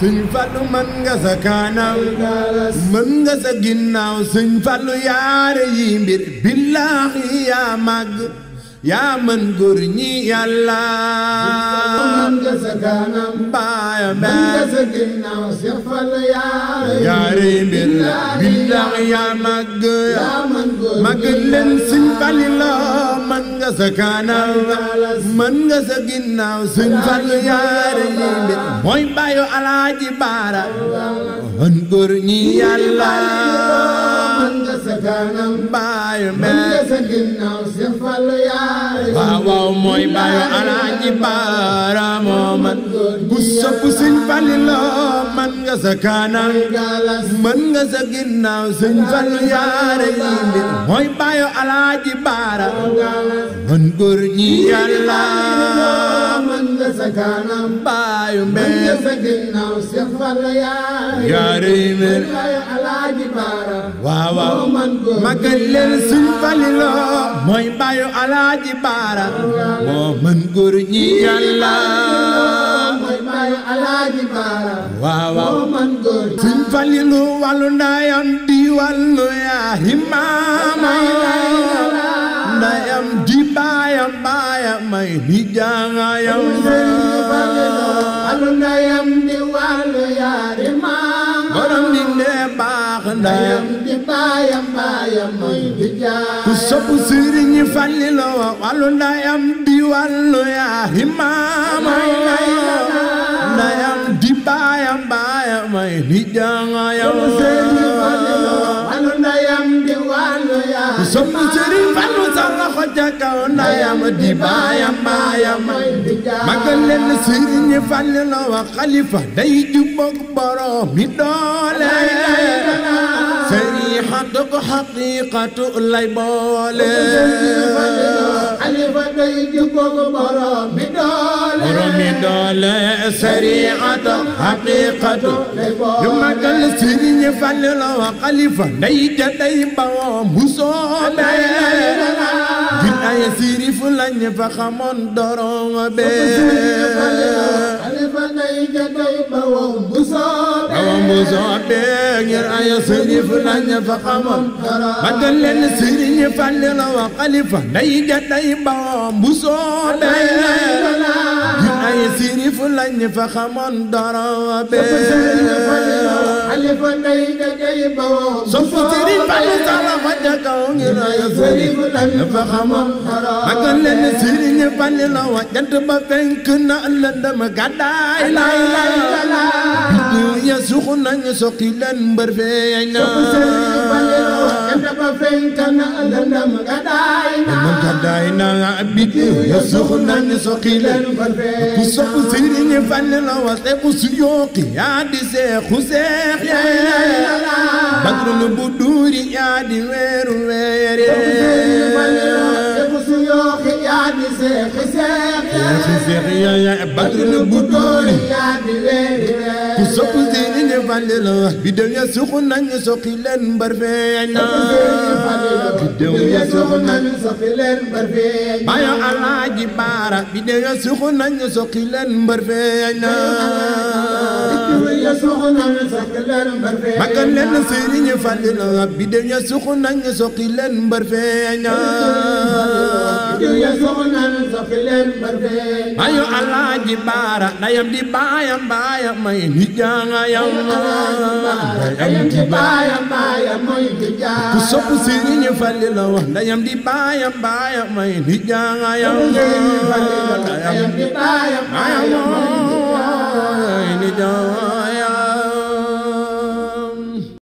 sëñ Fallu mën nga sa kaanal mën nga sa ginnaaw sëñ Fallu yaare yi mbir billaahi yaa màgg yaa mën góor ñi yàlla mën nga sa kaanal baaya mën nga sa ginnaaw sëñ Fallu yaare yi mbir billaahi yaa màgg yaa màgg leen sëñ la mën nga sa kanam mën nga sa ginnaaw suñ yaare yi bi mooy bàyyu baara an góor ñi yàlla kanam baayu meer sa ginnaaw alaaji baara moo man ku sopp loo man nga sa man nga sa ginnaaw yaare yi mbir mooy baayu alaaji baara man góor ñi yàlla waaw waaw magal leen suñ falilo alaaji baara moo mën góor ñi yàlla waaw waaw suñ falilu wàllu ndayam di wàllu yaayi maama ndayam di baayam baayam may ni jaangayam ndayam di baayam baayam mooy di jaayam ku sopp sëriñ Falilu wàllu ndayam di wàllu yaa imaam ndayam di baayam baayam mooy di suma sëriñ a sax la xojja kaw ndayam di baayam baayam magal leen sëriñ Fallu la wax xalifa day jubboog borom mi doole sariixatu ko xaqiiqatu lay boole xalifa day jubboog borom mi mi doole sariatu xaqiqatu ñu magal sëriñ Fallu la fa xamoon doroma xalifa ndey ja day bawoo mbusoo be ngir ay sirif lañ fa xamoon wa xalifa ndey ja day bawoo mbusoo be lañ fa xamoon dara be alifa nay da jay bawo so fu sëriñ fa jagaw ngir ay sëriñ fa xamoon dara magal leen sëriñ Fallu la wa jant ba fenk na lëndëm gàddaay la nañu soqi leen mbër feeñ فانتنا لنم قداينا قداينا بيتي يسخنا نسقيلا كسف سيرين فلنا وسيف سيوقي يا دي سيخ سيخ يا بدر البدور يا دي وير وير يا دي سيخ سيخ يا بدر البدور يا دي وير fàllil biddew ya suxu nañu soqi leen mbar feeñ na biddew ya suxu nañu soqi leen mbar feeñ na bayo alaaji baara biddew ya suxu nañu soqi leen mbar feeñ na magal leen sëriñ fàllil biddew ya suxu nañu soqi leen mbar feeñ na ya soxnal sa fi leen barfee ayo alaaji baara dayam di baayam baayam may di jaanga yam dayam di baayam baayam may di jaanga ku sopp Sëriñ Fallu la wax dayam di baayam baayam may